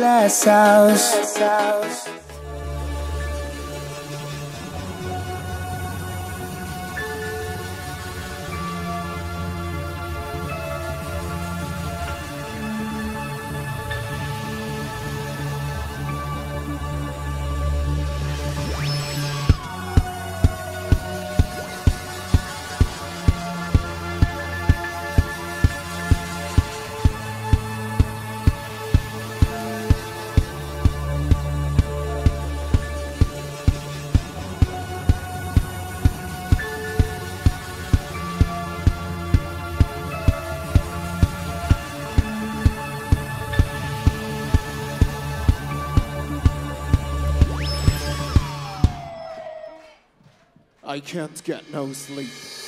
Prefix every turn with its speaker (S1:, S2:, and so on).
S1: glass house.
S2: I can't get no sleep.